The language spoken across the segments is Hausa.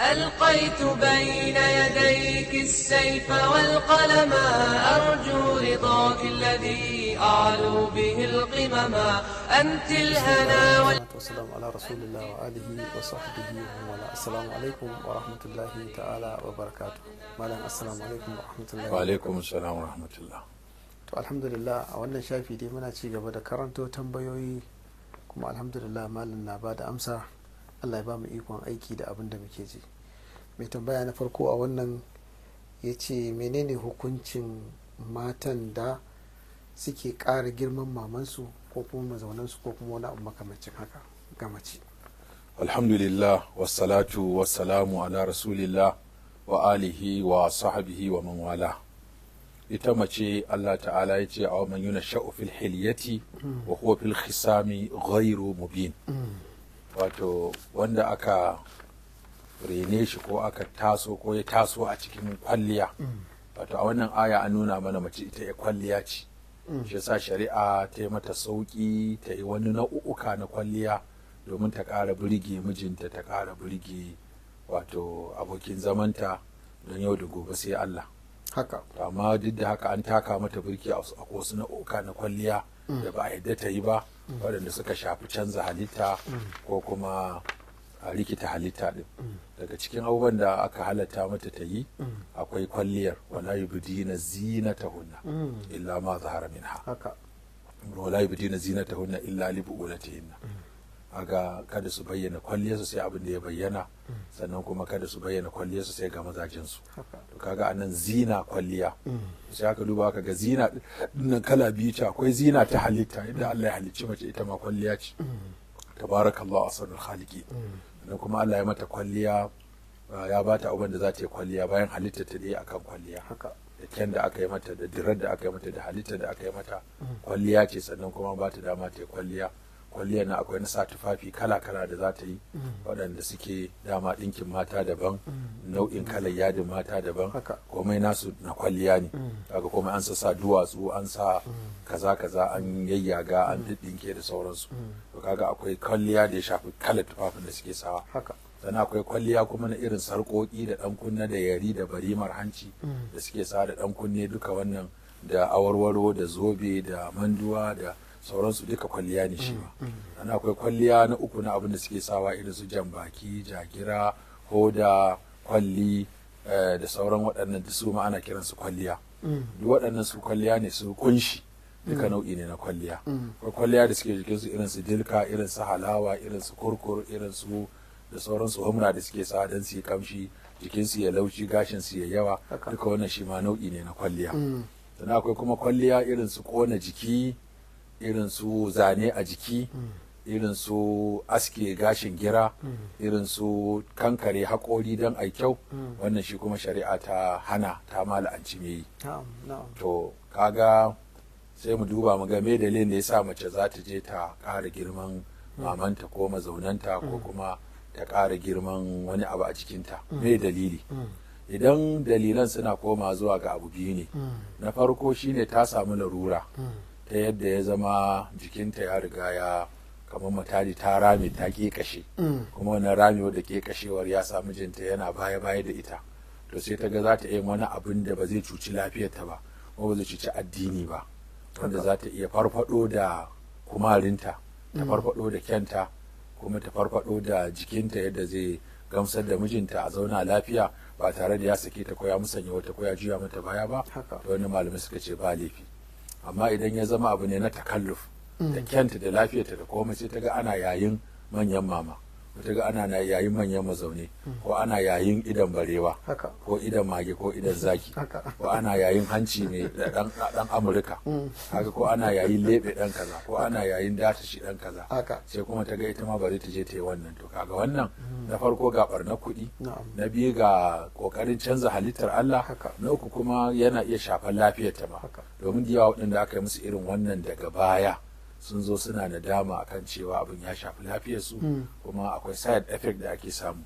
ألقيت بين يديك السيف والقلم أرجو رضاك الذي أعلو به القمم أنت الهنا وال... والسلام على رسول الله وآله وصحبه ومن السلام عليكم ورحمة الله تعالى وبركاته مالا السلام عليكم ورحمة الله وعليكم السلام ورحمة الله to alhamdulillah a wannan shafi dai muna ci gaba da karanto tambayoyi kuma alhamdulillah malam na ba da amsa allah ya ba mu ikon aiki da abin da muke ji mai tambaya na farko a wannan ya ce menene hukuncin matan da suke kara girman mamansu ko kuma mazaunansu ko kuma wani abu makamancin haka ga mace alhamdulillah wassalatu wassalamu ala rasulillah wa alihi wa sahabihi wa man wala ita mace Allah ta'ala ya ce a man yuna sha'u fil hilyati wa huwa fil khisami ghairu mubin mm. wato wanda aka rene shi ko aka taso ko ya taso a cikin kwalliya wato a wannan aya an nuna mana mace ita ya kwalliya ce shi sa shari'a ta yi mata sauƙi ta yi wani nau'uka na kwalliya domin ta ƙara burge mijinta ta ƙara burge wato abokin zamanta don yau da gobe sai Allah haka amma duk da haka an taka mata birki a wasu nau'uka na kwalliya da ba a ta yi ba waɗanda suka shafi canza halitta ko kuma rikita halitta ɗin. daga cikin abubuwan da aka halatta mata ta yi akwai kwalliyar wala yubdina hunna illa ma zahara minha wala yubdina hunna illa li bu'ulatihinna aga kada su bayyana kwalliyarsu sai abin da ya bayyana sannan kuma kada su bayyana kwalliyarsu sai ga mazajensu to kaga anan zina kwalliya mm. sai aka duba aka ga zina dinnan kala biyu ce akwai zina ta halitta yadda Allah ya halicci mace ita ma kwalliya ce mm. tabarakallahu asrul khaliqi mm. sannan kuma Allah ya mata kwalliya ah, ya bata abin da za ta yi kwalliya bayan halitta ta dai akan kwalliya haka da kyan da aka yi mata da dirar da aka yi mata da halitta da aka yi mata kwalliya ce sannan kuma ba ta dama ta yi kwalliya kwalliya na akwai na sa tufafi kala-kala da za ta yi waɗanda suke dama ɗinkin mata daban nau'in kalar yadin mata daban komai nasu na kwalliya ne daga komai an sa duwatsu an sa kaza-kaza an yayyaga an ɗinke da sauransu to kaga akwai kwalliya da ya shafi kalar tufafin da suke sawa sannan akwai kwalliya kuma na irin sarkoki da ɗan kunne da yari da barimar hanci da suke sa da ɗan kunne duka wannan da awarwaro da zobe da manduwa da sauransu duka kwalliya ne shi ma mm, mm, mm. ana akwai kwalliya na uku na abin suke sawa irin su jan baki jagira hoda kwalli eh, da sauran waɗannan duk su ma ana kiransu kwalliya duk waɗannan su kwalliya ne su kunshi duka nau'i ne na kwalliya akwai kwalliya da suke jikin su irin su dilka irin su halawa irin su kurkur irin su da sauran su humna da suke sa don su yi kamshi jikin su ya laushi gashin su ya yawa duka wannan shi ma nau'i ne na kwalliya sannan akwai kuma kwalliya irin su kona jiki irin su zane a jiki irin su aske gashin gira irin su kankare haƙori don a kyau wannan shi kuma shari'a ta hana ta mala'anci me yi to kaga sai mu duba mu ga me dalilin da ya sa mace za ta je ta ƙara girman mamanta ko mazaunanta ko mm. kuma ta ƙara girman wani abu a jikinta mm. me dalili mm. idan dalilan suna koma zuwa ga abu biyu ne na farko shine ta samu larura ta yadda ya zama jikinta ya riga ya kamar matari ta rame ta kashe mm. kuma wani rame da kekashewar ya sa mijinta yana baya baya da ita to sai ta ga za ta iya wani abin da ba zai cuci lafiyarta ba ko ba zai cuci addini ba wanda za ta iya farfado da kumarinta ta mm. farfado da kyanta kuma ta farfado da jikinta yadda zai gamsar da mijinta a zauna lafiya ba tare da ya sake ta koya musanya wata koya juya mata baya ba to wani malamai suka ce ba laifi amma idan ya zama abu ne na takalluf da mm. kyanta da lafiyarta da komai sai ta ga ana yayin manyan mama ga ana na yayin manyan mazauni ko ana yayin idan barewa ko idan mage ko idan zaki ko ana yayin hanci ne da dan amurka mm. haka ko ana yayin lebe dan kaza ko ana yayin datashi dan kaza sai kuma ta ga ita ma bari ta je ta yi wannan to kaga wannan mm. na farko ga barna kuɗi na biyu ga kokarin canza halittar Allah na uku kuma yana iya shafar lafiyar ta ma domin da yawa waɗanda aka yi musu irin wannan daga baya sun zo suna da dama akan cewa abin ya shafi lafiyarsu hmm. kuma akwai side effect da ake samu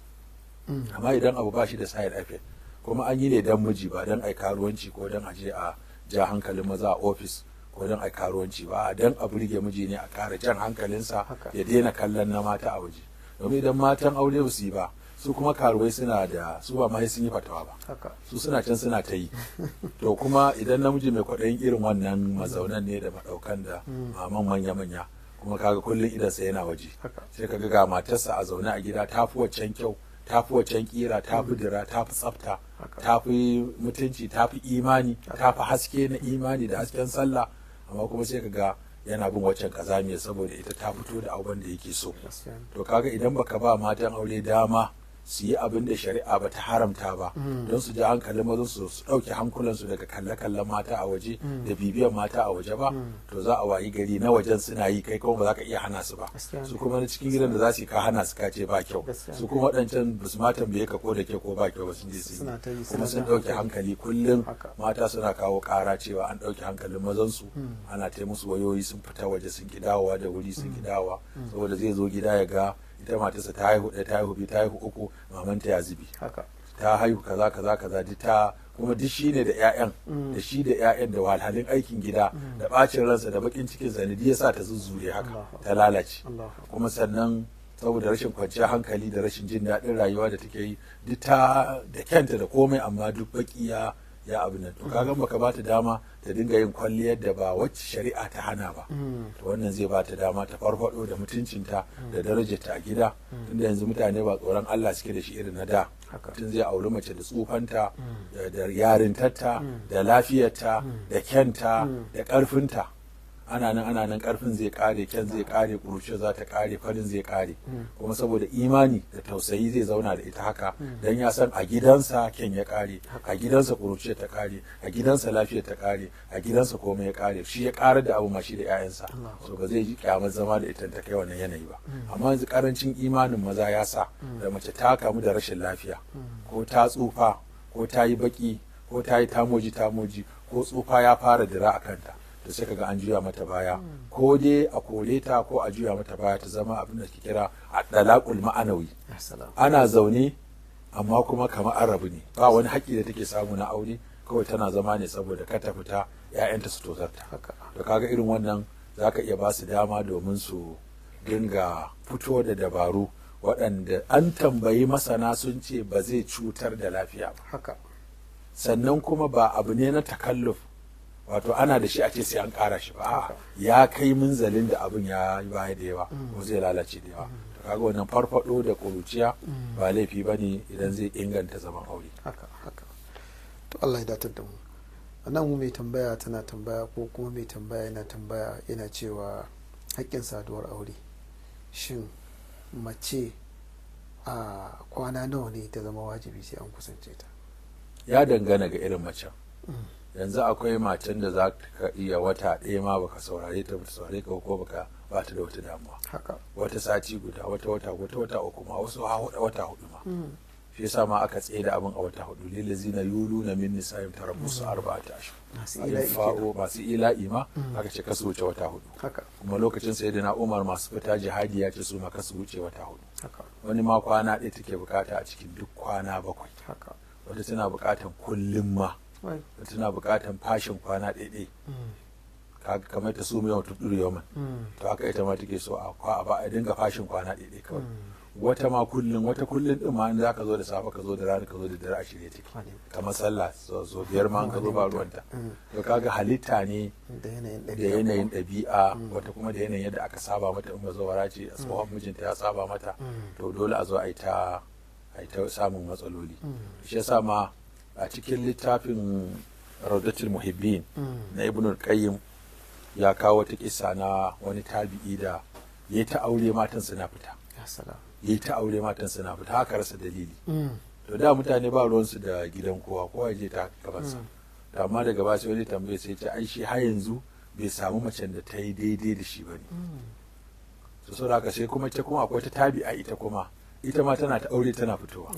hmm. amma idan abu ba shi da side effect kuma an yi ne don miji ba don ai karuwanci ko don aje a ja hankalin maza a ofis ko don ai karuwanci ba a don abu rige miji ne a kara jan hankalinsa ya daina kallon na mata a waje domin idan matan aure su yi ba su kuma karuwai suna da su ba ma sun yi fatawa ba su suna can suna ta yi to kuma idan namiji mai kwaɗayin irin wannan mazaunan ne da maɗaukan da hmm. maman manya-manya kuma kaga kullum idan sa yana waje sai ka ga matarsa a zaune a gida ta fi waccan kyau ta fi waccan kira ta fi hmm. dira ta fi tsafta ta fi mutunci ta fi imani ta fi haske na imani da hasken sallah amma kuma sai ka ga yana bin waccan kazamiya saboda ita ta fito da abin da yake so to kaga idan baka ba matan aure dama su yi abin da shari'a ba ta haramta ba don su ji hankalin mazansu su dauke hankulansu daga kalle-kallen mata a waje da bibiyan mata a waje ba to za a wayi gari na wajen suna yi kai kuma ba za ka iya hana su ba su kuma na cikin gidan da za su yi ka hana su ka ce ba kyau su kuma waɗancan ba su ma tambaye ka ko da ke ko ba kyau ba sun je su yi kuma sun dauke hankali kullum mata suna kawo kara cewa an ɗauke hankalin mazan su hmm. ana taimusu wayoyi sun fita waje sun ki dawowa da wuri sun ki hmm. dawowa hmm. saboda zai zo gida ya ga ita matarsa ta haihu ɗaya ta haihu biyu ta haihu uku mamanta ya zubi ta haihu kaza kaza kaza duk ta kuma duk shi ne da 'ya'yan mm. da shi da 'ya'yan da wahalhalin aikin gida mm. da ɓacin ransa da bakin cikin sa ya sa ta zuzzure haka ta lalace kuma sannan saboda rashin kwanciyar hankali da rashin jin daɗin rayuwa da take yi duk ta da kyanta da komai amma duk bakiya ya abu to kaga baka ba ta dama ta dinga yin kwalliyar da ba wacce shari'a ta hana ba to wannan zai ba ta dama ta farfado da mutuncinta da darajarta a gida tunda yanzu mutane ba tsoron Allah suke da shi irin na da tun zai auri mace da tsufanta mm. da yarintarta mm. da lafiyarta mm. da kyanta da karfinta ana nan ana nan karfin zai kare kyan zai kare kurushe za ta kare farin zai kare kuma saboda imani da tausayi zai zauna da ita haka dan ya san a gidansa kyan ya kare a gidansa kurushe ta kare a gidansa lafiya ta kare a gidansa komai ya kare shi ya kare da abu mashi da 'ya'yansa so ba zai ji kyamar zama da ita ta kai wannan yanayi ba hmm. amma yanzu karancin imanin maza ya sa hmm. da mace ta kamu da rashin lafiya hmm. ko ta tsufa ko ta yi baki ko ta yi tamoji tamoji ko tsufa ya fara dira a kanta da suka ga an juya mata baya ko dai a kore ta ko a juya mata baya ta zama abin da ke kira a dalakul ma'anawi ana zaune amma kuma kamar arabu ne ba wani haƙƙi da take samu na aure kawai tana zama ne saboda ka ta fita ƴaƴanta su tozarta to kaga irin wannan zaka iya ba su dama domin su dinga fito da dabaru waɗanda an tambayi masana sun ce ba zai cutar da lafiya ba haka sannan kuma ba abu ne na takalluf wato ana da shi a ce sai an kara shi ba ya kai munzalin da abin ya yi baya da yawa ko zai lalace da yawa to kaga wannan farfado da ƙuruciya ba laifi ba idan zai inganta zaman aure haka haka to Allah ya datar da mu nan mu mai tambaya tana tambaya ko kuma mai tambaya yana tambaya yana cewa haƙƙin saduwar aure shin mace a kwana nawa ne ta zama wajibi sai an kusance ta ya dangana ga irin macen mm. yanzu akwai matan da za ka iya wata ɗaya ma baka saurare ta bata saurare ka ko baka ba ta da wata damuwa wata sati guda wata wata wata wata uku ma wasu wata hudu ma mm. shi yasa ma aka tsaye da abin a wata hudu lil zina na min nisa'im tarabbusu arba'ata ashhur fa'o masu ila'i ma mm. aka ce kasu wuce wata hudu kuma lokacin sayyidina Umar masu fita jihadi ya ce su ma kasu wuce wata hudu wani ma kwana ɗaya take bukata a cikin duk kwana bakwai wata tana bukatan kullum ma tana bukatan fashin kwana ɗaiɗai hmm. kamar ta sumi yau tuɗuru yau hmm. to haka ita ma take so a ba a dinga fashin kwana ɗaiɗai kawai hmm. wata ma kullum wata kullum din ma in za ka zo da safe ka zo da rana ka zo da dare a shirye take kamar sallah so biyar ma ka zo ba ruwanta to kaga halitta ne da yanayin ɗabi'a wata kuma da yanayin yadda aka saba mata in bazawara ce a mijinta ya saba mata to dole a zo a yi ta a ta samun matsaloli shi yasa ma a cikin littafin raudatul muhibbin na al qayyim ya kawo wata kissa na wani tabi'i da ya ta aure matan suna fita ya ta aure matan suna fita haka rasa dalili mm. to da mutane ba ruwansu da gidan kowa kowa je ta sa mm. to amma daga ba sai wani tambaye sai ta ai shi har yanzu bai samu macen da ta yi daidai da shi bane mm. to saboda haka sai kuma ita kuma akwai ta tabi'a ita kuma ita ma tana ta aure tana fitowa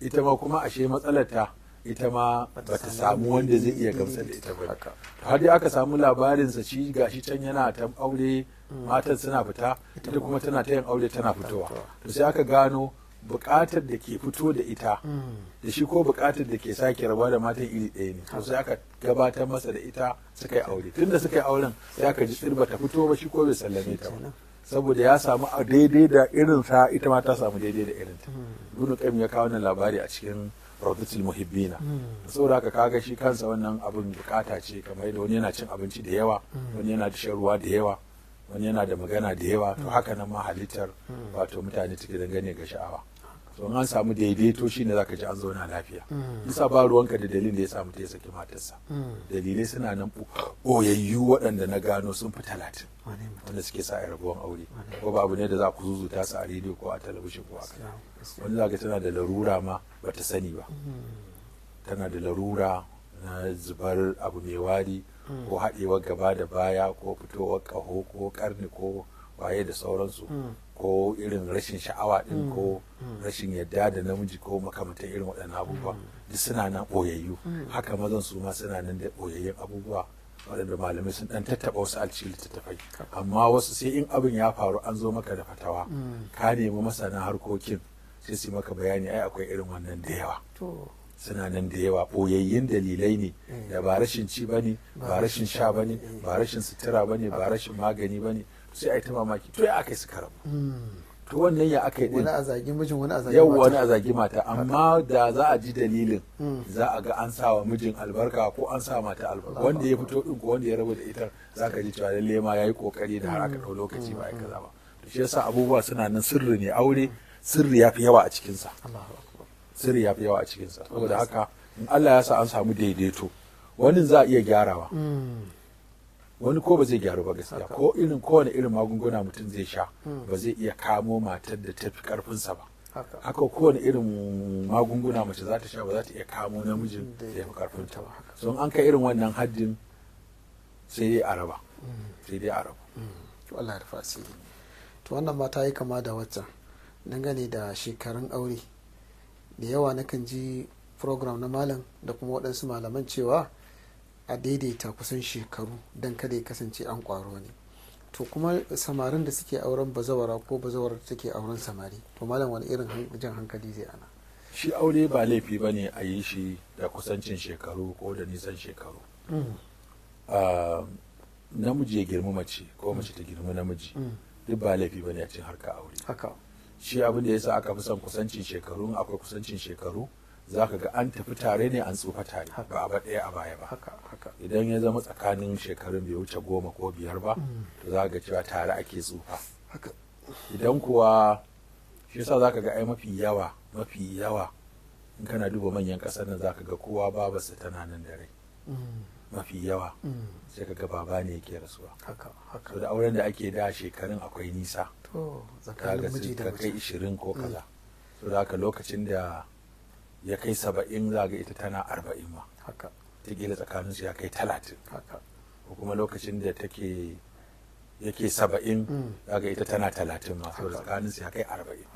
ita ma kuma ashe matsalar ta ita ma ba ta samu wanda zai iya gamsar da ita ba har dai aka samu labarinsa shi gashi can yana ta aure mm. matan suna fita ita kuma tana ta yin aure tana fitowa to sai aka gano bukatar da ke fito da ita mm. da shi ko bukatar da ke sake rabuwa da matan iri ɗaya ne to sai aka gabatar masa da ita suka yi aure tunda suka yi auren sai aka ji tsirba ta fito ba shi ko bai sallame ta ba saboda ya samu a daidai da irin sa ita ma ta samu daidai da ta mm. ibnu qayyim ya kawo wannan labari a cikin rawdatul muhibbina hmm. saboda haka kaga shi kansa wannan abin bukata ce kamar yadda wani yana cin abinci da yawa hmm. wani yana da shan ruwa da yawa wani yana da magana da yawa to hmm. haka nan ma halittar wato mutane take dangane ga sha'awa to an samu daidaito shi za ka ji an zauna lafiya isa mm. ba ruwanka da dalilin da ya samu ta ya saki matarsa mm. dalilai suna nan ɓoyayyu waɗanda na gano sun fi talatin wanda suke sa a rabuwan aure ko ba abu ne da za ku zuzuta su a rediyo ko a talabishin ko a kai wani zaka tana da larura ma ba ta sani ba mm. tana da larura na zubar abu mai wari ko haɗewar gaba da baya ko fitowar ƙaho ko ƙarni ko waye da sauransu ko irin rashin sha'awa din ko rashin yadda da namiji ko makamantan irin waɗannan abubuwa duk suna nan ɓoyayyu haka mazan su ma suna nan da ɓoyayyun abubuwa waɗanda malamai sun ɗan tattaɓa wasu alci littattafai amma wasu sai in abin ya faru an zo maka da fatawa ka nemi masana harkokin sai su maka bayani ai akwai irin wannan da yawa suna nan da yawa ɓoyayyen dalilai ne da ba rashin ci ba ne ba rashin sha ba ne ba rashin sutura ba ne ba rashin magani ba ne sai a yi ta mamaki to ya aka yi su rabu to wannan ya aka yi din yau wani a zagi mata amma da za a ji dalilin hmm. za a ga an sawa mijin albarka ko an sa mata albarka wanda ya fito din ko wanda ya rabu da ita za ka ji cewa lalle ma ya yi kokari da har aka dau lokaci ba ya kaza ba to shi yasa abubuwa suna nan sirri ne aure sirri ya fi yawa a cikin sa sirri ya fi yawa a cikin sa saboda haka in Allah ya sa an samu daidaito wani za a iya gyarawa hmm. wani ko ba zai gyaru ba gaskiya ko irin kowane irin magunguna mutum zai sha hmm. ba zai iya kamo matar da ta fi karfinsa ba haka kowane irin magunguna mace za ta sha ba za ta iya kamo namijin da ya fi karfinta ba so an kai irin wannan haddin sai dai araba hmm. sai dai araba wallahi hmm. da ya fasiri to wannan ma ta yi kama da waccan dangane da shekarun aure da yawa nakan ji program na malam da kuma waɗansu malaman cewa a daidaita kusan shekaru don kada ya kasance an kwaro ne to kuma samarin da suke auren bazawara ko bazawar da take auren samari to malam wani irin jan hankali zai ana shi aure ba laifi ba ne a yi shi da kusancin shekaru ko da nisan shekaru mm. ah, namiji ya girma mace ko mace ta girma namiji mm. duk ba laifi ba ne a cin harka aure shi abin da ya sa aka fi son kusancin shekaru akwai kusancin shekaru za ka ga an tafi tare ne an tsufa tare ba a ɗaya a baya ba idan ya zama tsakanin shekarun bai wuce goma ko biyar ba mm. to za ga cewa tare ake tsufa idan kuwa shi yasa za ka ga ai mafi yawa mafi yawa in kana duba manyan ƙasar nan za ka ga kowa babarsa tana nan da rai mm. mafi yawa mm. sai ka ga baba ne yake rasuwa haka da auren da ake da shekarun akwai nisa to tsakanin miji da kai 20 ko kaza to da haka lokacin da ya kai saba'in za ga ita tana arba'in ma haka ta gila tsakaninsu ya kai talatin haka ko kuma lokacin da take yake saba'in mm. za ga ita tana talatin ma saboda tsakaninsu ya kai arba'in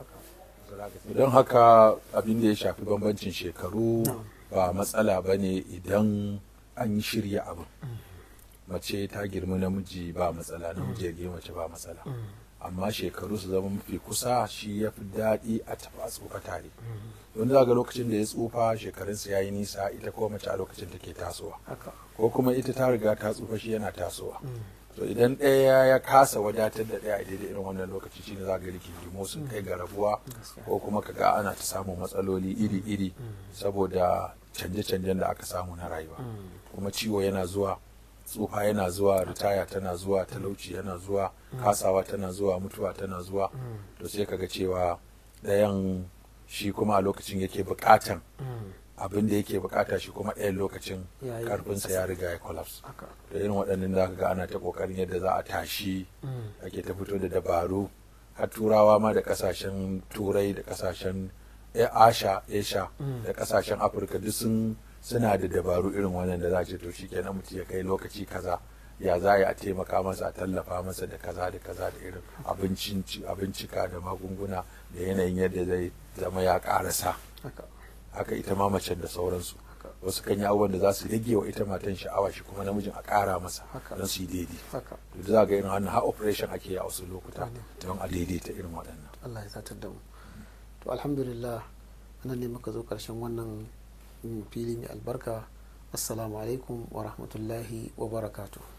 don haka abin da ya shafi bambancin shekaru ba matsala ba ne idan an yi shirya abin mm. mace ta girma namiji ba matsala namiji ya girma mace ba matsala mm. amma shekaru su zama mafi kusa shi ya fi daɗi a taɓa tsufa tare don za ga lokacin da ya tsufa shekarunsa ya yi nisa ita kuma mace a lokacin take tasowa ko kuma ita ta riga ta tsufa shi yana tasowa mm. to idan ɗaya ya kasa wadatar da ɗaya a daidai irin wannan lokaci ne za ga rigingimu sun mm. kai ga rabuwa ko kuma ka ga ana ta samun matsaloli iri-iri mm. saboda canje-canjen da aka samu na rayuwa kuma ciwo yana zuwa tsufa yana zuwa ritaya tana zuwa talauci yana zuwa kasawa tana zuwa mutuwa tana zuwa to sai kaga cewa ɗayan shi kuma a lokacin yake buƙatan abin da yake bukata shi kuma ɗayan lokacin karfinsa ya riga ya collapse da irin waɗannan za ka ga ana ta ƙoƙarin yadda za a tashi mm. ake ta fito da dabaru har turawa ma da ƙasashen turai da ƙasashen eh, asha asia mm. da ƙasashen afirka duk sun suna da dabaru irin wannan da za ce to shikenan mutum ya kai lokaci kaza ya za a taimaka masa a tallafa masa da kaza da kaza da irin abincika da magunguna da yanayin yadda zai zama ya karasa haka ita ma da sauransu wasu kan yi abubuwan da za su rage wa ita matan sha'awa shi kuma namijin a kara masa don su yi daidai da za ga irin wannan har operation ake yi a wasu lokuta don a daidaita irin waɗannan Allah ya satar da mu to alhamdulillah anan ne muka zo ƙarshen wannan filin albarka assalamu alaikum wa rahmatullahi wa barakatuh